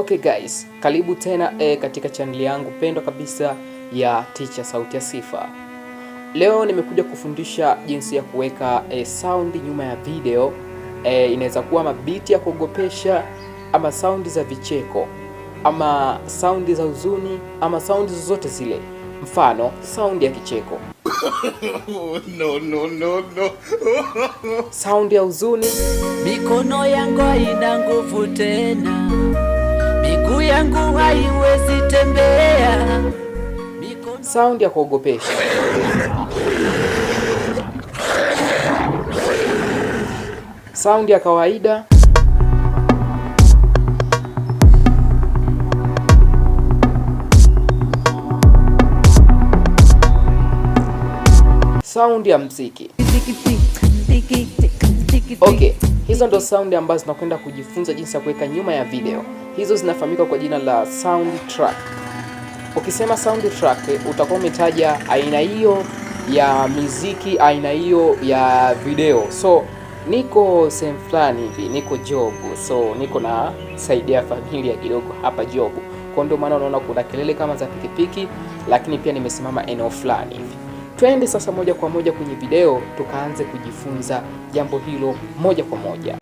Okay guys, karibu tena e, katika chaneli yangu pendwa kabisa ya Teacher Sauti ya Sifa. Leo nimekuja kufundisha jinsi ya kuweka e, eh, saundi nyuma ya video e, inaweza kuwa mabiti ya kuogopesha ama saundi za vicheko ama saundi za huzuni ama saundi zozote zile, mfano saundi ya kicheko no, no, no, no. saundi ya huzuni, mikono yangu haina nguvu tena miguu yangu haiwezi tembea. Saundi ya kuogopesha. Saundi ya kawaida. Saundi ya mziki. Okay, hizo ndo saundi ambazo tunakwenda kujifunza jinsi ya kuweka nyuma ya video hizo zinafahamika kwa jina la soundtrack. Ukisema soundtrack utakuwa umetaja aina hiyo ya miziki, aina hiyo ya video. So niko sehemu fulani hivi, niko job, so niko na saidia familia kidogo hapa job, kwa ndio maana unaona kuna kelele kama za pikipiki, lakini pia nimesimama eneo fulani hivi. Twende sasa moja kwa moja kwenye video tukaanze kujifunza jambo hilo moja kwa moja.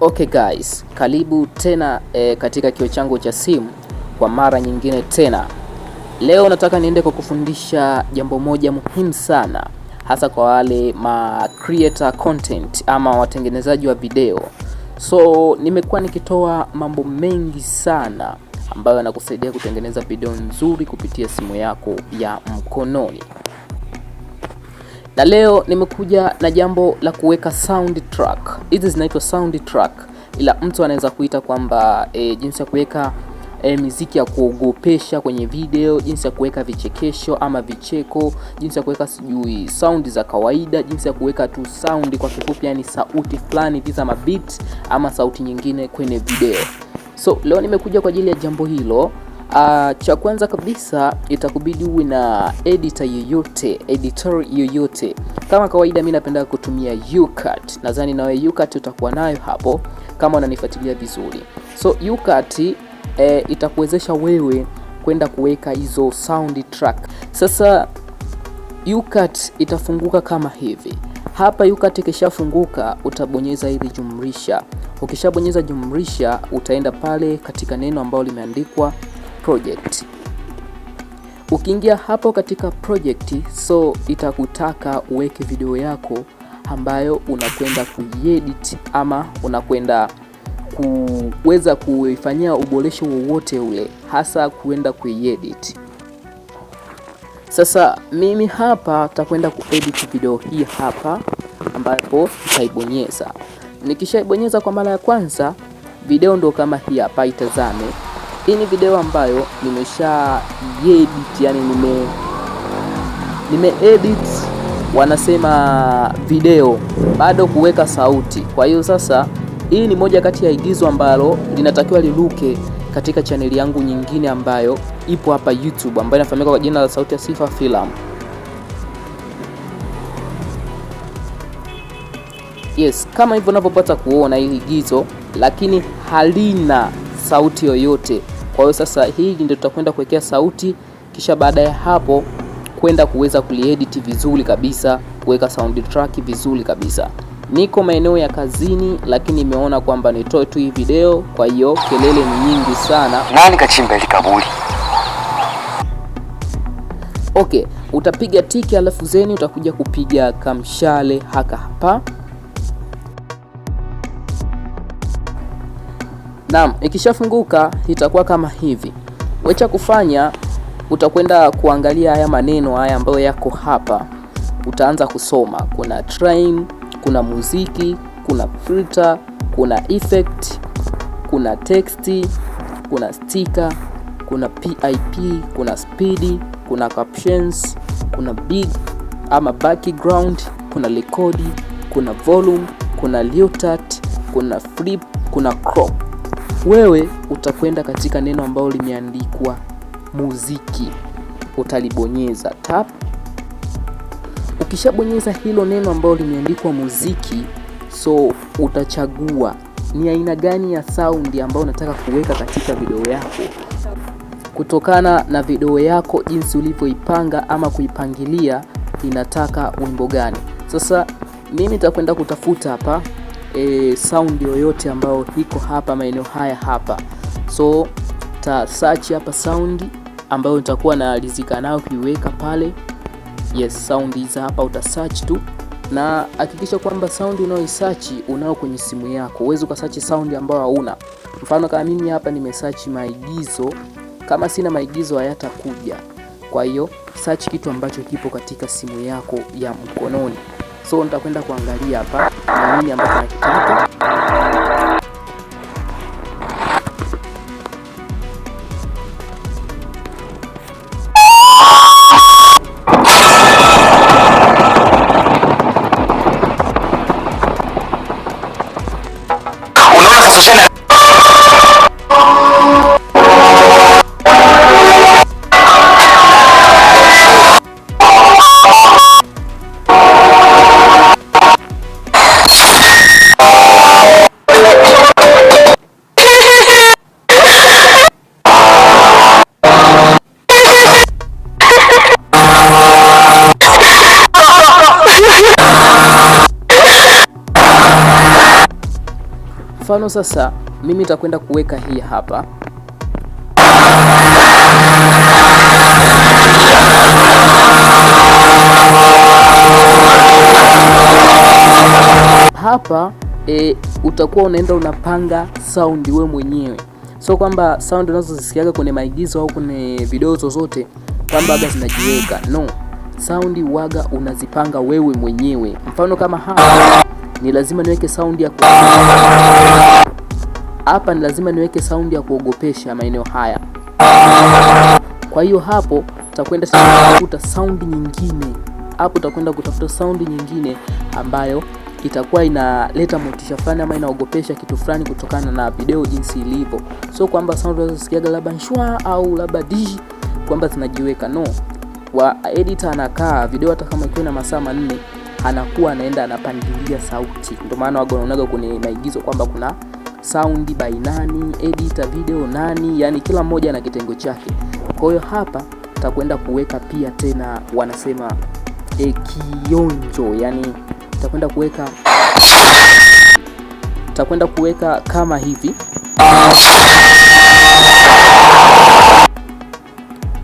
Okay guys, karibu tena e, katika kio changu cha simu kwa mara nyingine tena. Leo nataka niende kwa kufundisha jambo moja muhimu sana, hasa kwa wale ma creator content ama watengenezaji wa video. So nimekuwa nikitoa mambo mengi sana ambayo yanakusaidia kutengeneza video nzuri kupitia simu yako ya mkononi na leo nimekuja na jambo la kuweka soundtrack Hizi zinaitwa soundtrack ila mtu anaweza kuita kwamba e, jinsi ya kuweka E, miziki ya kuogopesha kwenye video, jinsi ya kuweka vichekesho ama vicheko, jinsi ya kuweka sijui sound za kawaida, jinsi ya kuweka tu sound kwa kifupi, yani sauti fulani hizi ama beat ama sauti nyingine kwenye video. So leo nimekuja kwa ajili ya jambo hilo. Uh, cha kwanza kabisa itakubidi uwe na editor yoyote, editor yoyote. Kama kawaida, mimi napenda kutumia UCut. Nadhani nawe UCut utakuwa nayo hapo kama unanifuatilia vizuri. So UCut eh, itakuwezesha wewe kwenda kuweka hizo sound track. Sasa UCut itafunguka kama hivi hapa. UCut ikishafunguka utabonyeza ili jumlisha. Ukishabonyeza jumlisha, utaenda pale katika neno ambalo limeandikwa project. Ukiingia hapo katika project, so itakutaka uweke video yako ambayo unakwenda kuedit ama unakwenda kuweza kuifanyia uboresho wowote ule, hasa kuenda kuedit. Sasa mimi hapa takwenda kuedit video hii hapa, ambapo nitaibonyeza. Nikishaibonyeza kwa mara ya kwanza, video ndo kama hii hapa, itazame. Hii ni video ambayo nimesha edit, yani nime nime edit wanasema video bado kuweka sauti. Kwa hiyo sasa hii ni moja kati ya igizo ambalo linatakiwa liruke katika chaneli yangu nyingine ambayo ipo hapa YouTube ambayo inafahamika kwa jina la Sauti ya Sifa Film. Yes, kama hivyo unavyopata kuona hili igizo, lakini halina sauti yoyote. Kwa hiyo sasa hii ndio tutakwenda kuwekea sauti, kisha baada ya hapo kwenda kuweza kuliedit vizuri kabisa, kuweka sound track vizuri kabisa. Niko maeneo ya kazini, lakini nimeona kwamba nitoe tu hii video, kwa hiyo kelele ni nyingi sana. Nani kachimba ile kaburi? Okay, utapiga tiki alafu zeni utakuja kupiga kamshale haka hapa Naam, ikishafunguka itakuwa kama hivi. Wacha kufanya utakwenda kuangalia haya maneno haya ambayo yako hapa, utaanza kusoma. Kuna train, kuna muziki, kuna filter, kuna effect, kuna text, kuna sticker, kuna pip, kuna speed, kuna captions, kuna big ama background, kuna record, kuna volume, kuna leotard, kuna flip, kuna crop wewe utakwenda katika neno ambalo limeandikwa muziki, utalibonyeza tap. Ukishabonyeza hilo neno ambalo limeandikwa muziki, so utachagua ni aina gani ya saundi ambayo unataka kuweka katika video yako kutokana na video yako jinsi ulivyoipanga ama kuipangilia, inataka wimbo gani. Sasa mimi nitakwenda kutafuta hapa e, sound yoyote ambayo iko hapa maeneo haya hapa. So ta search hapa sound ambayo nitakuwa naridhika nayo kuiweka pale. Yes, sound hizi hapa uta search tu na hakikisha kwamba sound unaoisearch unao kwenye simu yako. Uweze ukasearch sound ambayo hauna. Mfano kama mimi hapa nimesearch maigizo, kama sina maigizo hayatakuja. Kwa hiyo search kitu ambacho kipo katika simu yako ya mkononi so nitakwenda kuangalia hapa na nini ambacho nakitaka Mfano sasa mimi nitakwenda kuweka hii hapa hapa e, utakuwa unaenda unapanga saundi we mwenyewe, so kwamba saundi unazozisikiaga kwenye maigizo au kwenye video zozote kwamba waga zinajiweka no, saundi waga unazipanga wewe mwenyewe, mfano kama hapa ni lazima niweke saundi ya hapa, ni lazima niweke saundi ya kuogopesha maeneo haya. Kwa hiyo hapo utakwenda kutafuta saundi nyingine, hapo utakwenda kutafuta saundi nyingine ambayo itakuwa inaleta motisha fulani ama inaogopesha kitu fulani kutokana na video jinsi ilivyo. So kwamba sound unazosikiaga labda nshwa au labda dj kwamba zinajiweka no, wa editor anakaa video hata kama ikiwa na masaa manne anakuwa anaenda anapangilia sauti. Ndio maana waga unaonaga kwenye maigizo kwamba kuna sound by nani, editor video nani, yani kila mmoja ana kitengo chake. Kwa hiyo hapa takwenda kuweka pia tena wanasema e, kionjo, yani takwenda kuweka takwenda kuweka kama hivi,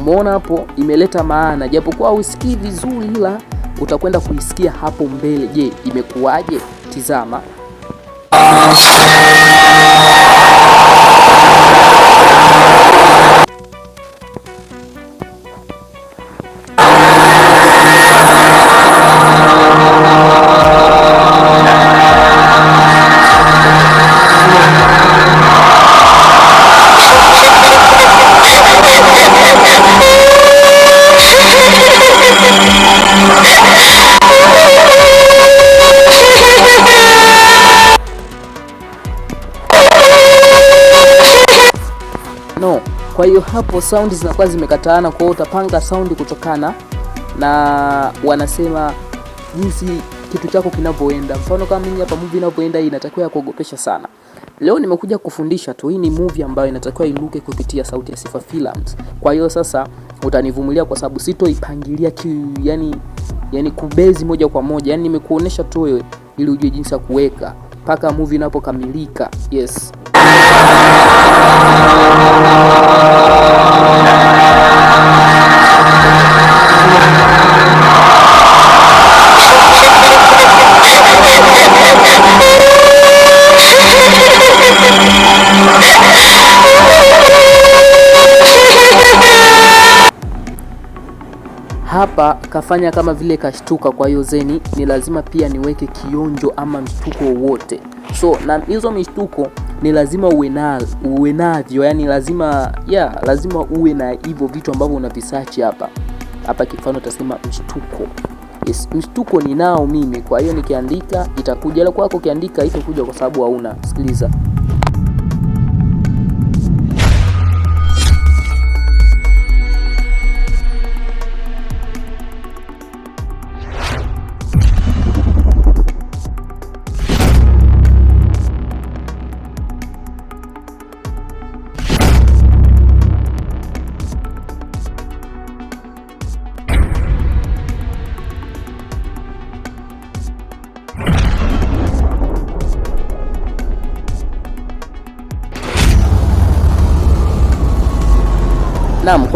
umeona hapo, imeleta maana japokuwa usikii vizuri ila utakwenda kuisikia hapo mbele. Je, imekuwaje? Tizama. hiyo hapo sound zinakuwa zimekataana, kwa hiyo utapanga sound kutokana na wanasema jinsi kitu chako kinavyoenda. Mfano kama mimi hapa, movie inavyoenda inatakiwa ya kuogopesha sana. Leo nimekuja kufundisha tu, hii ni movie ambayo inatakiwa inuke kupitia Sauti ya Sifa Films. Kwa hiyo sasa utanivumilia kwa sababu sitoipangilia ki, yani, yani kubezi moja kwa moja, yani nimekuonesha tu wewe ili ujue jinsi ya kuweka mpaka movie inapokamilika. Yes, hapa kafanya kama vile kashtuka, kwa hiyo zeni ni lazima pia niweke kionjo ama mshtuko wowote. So na hizo mishtuko ni lazima uwe na uwe navyo, yani lazima yeah, lazima uwe na hivyo vitu ambavyo unavisearch hapa hapa. Kifano utasema mshtuko. Yes, mshtuko ninao mimi, kwa hiyo nikiandika itakuja, la kwako ukiandika itakuja kwa sababu hauna. Sikiliza.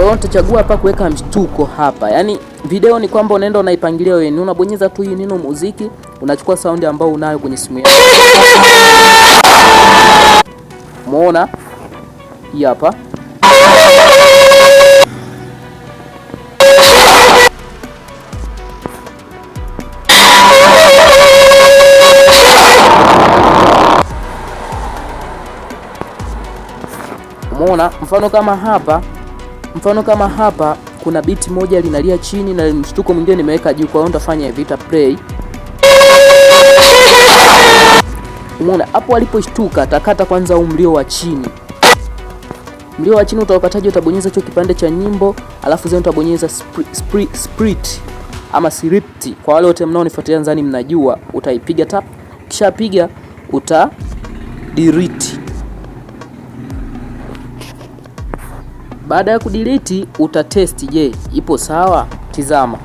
Kwa hiyo nitachagua hapa kuweka mshtuko hapa. Yaani video ni kwamba unaenda unaipangilia wewe. Ni unabonyeza tu hii neno muziki, unachukua saundi ambayo unayo kwenye simu yako. Umeona? Hii hapa. Umeona? Mfano kama hapa Mfano kama hapa kuna beat moja linalia chini na mshtuko mwingine nimeweka juu, kwa hiyo nitafanya vita play. Umeona hapo aliposhtuka takata kwanza huu mlio wa chini. Mlio wa chini utaukataje? Utabonyeza hicho kipande cha nyimbo, alafu zenu utabonyeza split ama script. Kwa wale wote mnaonifuatilia nzani mnajua, utaipiga tap, kisha piga uta delete Baada ya kudiliti utatesti, je, ipo sawa? Tizama.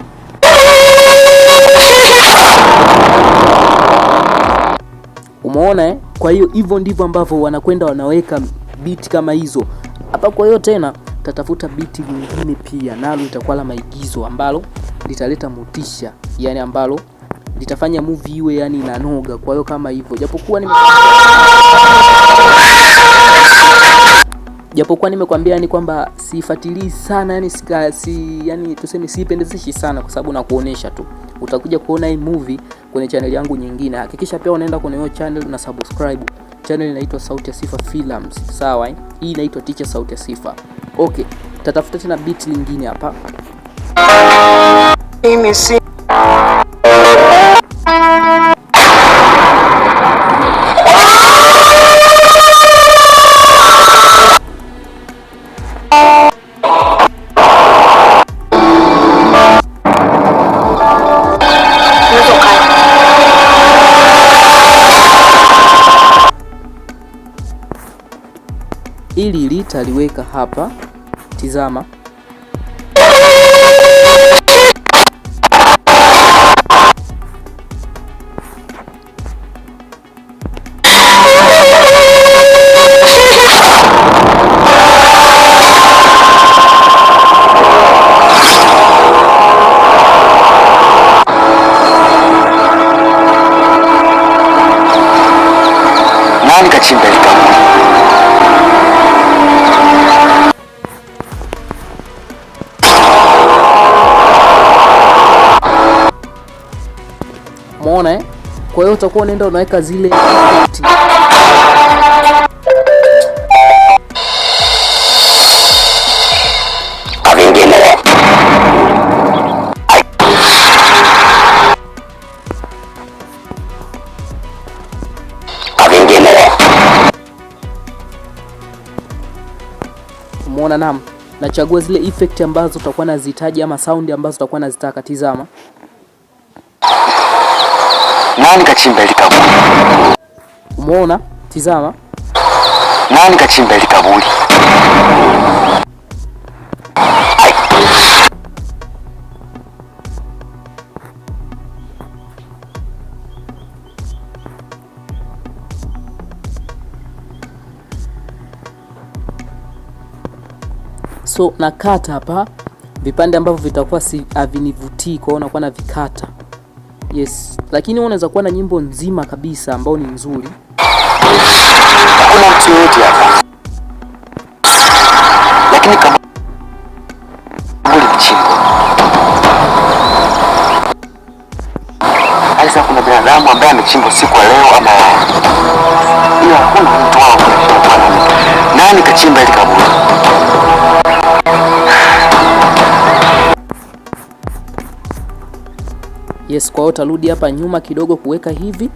Umeona eh? Kwa hiyo hivyo ndivyo ambavyo wanakwenda wanaweka biti kama hizo hapa. Kwa hiyo tena tatafuta biti nyingine pia, nalo itakuwa la maigizo ambalo litaleta motisha, yani ambalo litafanya movie iwe yani inanoga. Kwa hiyo kama hivyo, japokuwa nime japokuwa nimekwambia ni kwamba sifuatilii sana yani, sika, si, yani tuseme sipendezeshi sana kwa sababu nakuonesha tu. Utakuja kuona hii movie kwenye channel yangu nyingine. Hakikisha pia unaenda kwenye hiyo channel na subscribe. Channel inaitwa Sauti ya Sifa Films. Sawa, eh? hii inaitwa Teacher Sauti ya Sifa. Okay, tatafuta tena beat lingine hapa. Mimi si Ili litaliweka hapa, tizama. umeona eh? Kwa hiyo utakuwa unaenda unaweka zile Umeona nam, nachagua zile effect ambazo utakuwa nazihitaji ama sound ambazo utakuwa nazitaka. Tizama. Nani kachimba ile kaburi? Umeona? Tizama. Nani kachimba ile kaburi? So nakata hapa vipande ambavyo vitakuwa si havinivutii, kwa hiyo nakuwa na vikata Yes, lakini unaweza kuwa na nyimbo nzima kabisa ambao ni nzuri. Hakuna mtu yote hapa. Lakini kama Aisa kuna binadamu ambaye amechimbwa siku leo ama ila hakuna mtu wao. Nani kachimba ile kaburi? Yes, kwa hiyo utarudi hapa nyuma kidogo kuweka hivi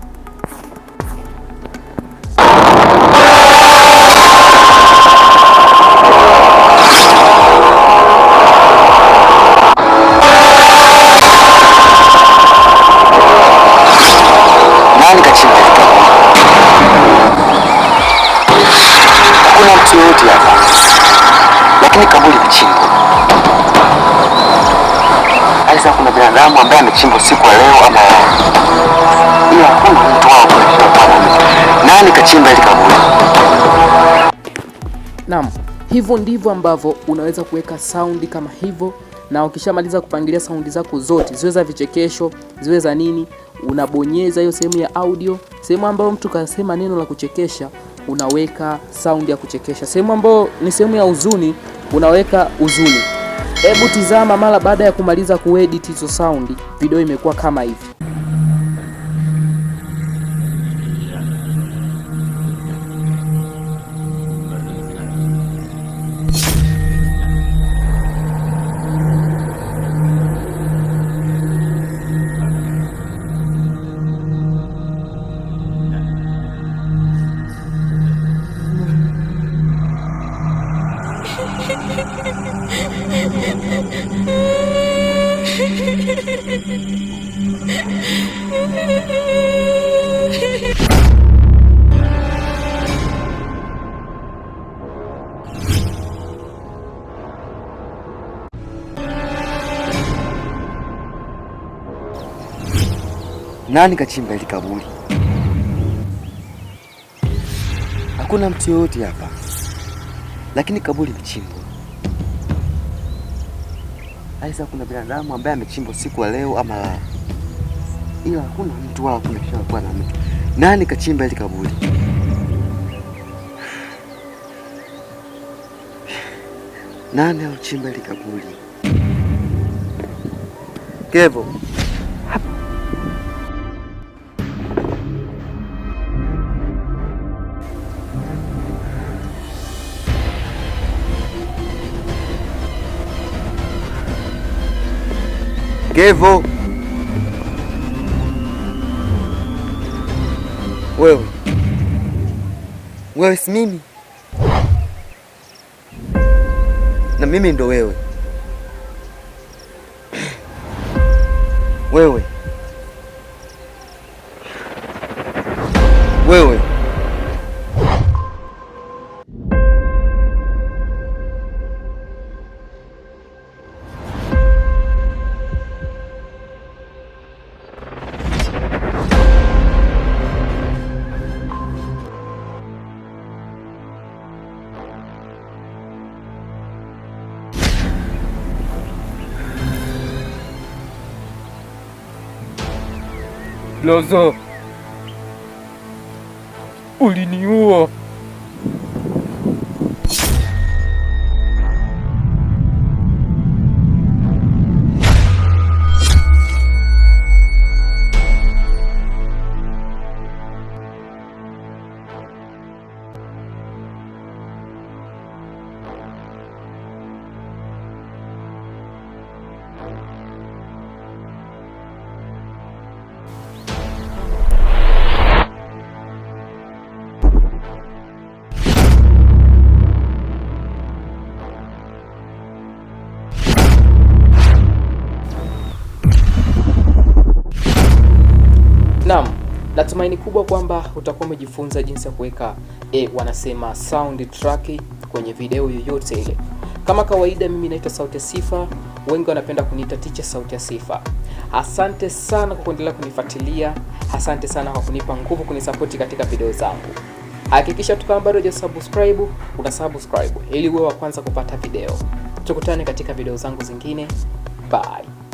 Hakuna mtu yoyote hapa, lakini kaburi kuchimba kabisa kuna binadamu ambaye amechimba siku ya leo ama ila hakuna mtu wao nani kachimba ili kaburi. Naam, hivyo ndivyo ambavyo unaweza kuweka saundi kama hivyo, na ukishamaliza kupangilia saundi zako zote, ziwe za vichekesho, ziwe za nini, unabonyeza hiyo sehemu ya audio, sehemu ambayo mtu kasema neno la kuchekesha unaweka saundi ya kuchekesha, sehemu ambayo ni sehemu ya huzuni unaweka huzuni. Hebu tizama mara baada ya kumaliza kuedit hizo sound, video imekuwa kama hivi. Nani kachimba hili kaburi? Hakuna mtu yoyote hapa, lakini kaburi imechimbwa. Aisa, kuna binadamu ambaye amechimbwa siku ya leo ama la? ila hakuna mtu wala hakuna kisha kwa na mtu. Nani kachimba ile kaburi? Nani alichimba ile kaburi? Kevo. Kevo. Wewe wewe, si mimi na mimi ndo wewe. Wewe wewe Lozo, uliniua. Naam, natumaini kubwa kwamba utakuwa umejifunza jinsi ya kuweka e, wanasema sound track kwenye video yoyote ile. Kama kawaida, mimi naitwa Sauti ya Sifa, wengi wanapenda kuniita Teacher Sauti ya Sifa. Asante sana kwa kuendelea kunifuatilia, asante sana kwa kunipa nguvu, kunisapoti katika video zangu. Hakikisha tu kama bado hujasubscribe una subscribe ili uwe wa kwanza kupata video. Tukutane katika video zangu zingine, bye.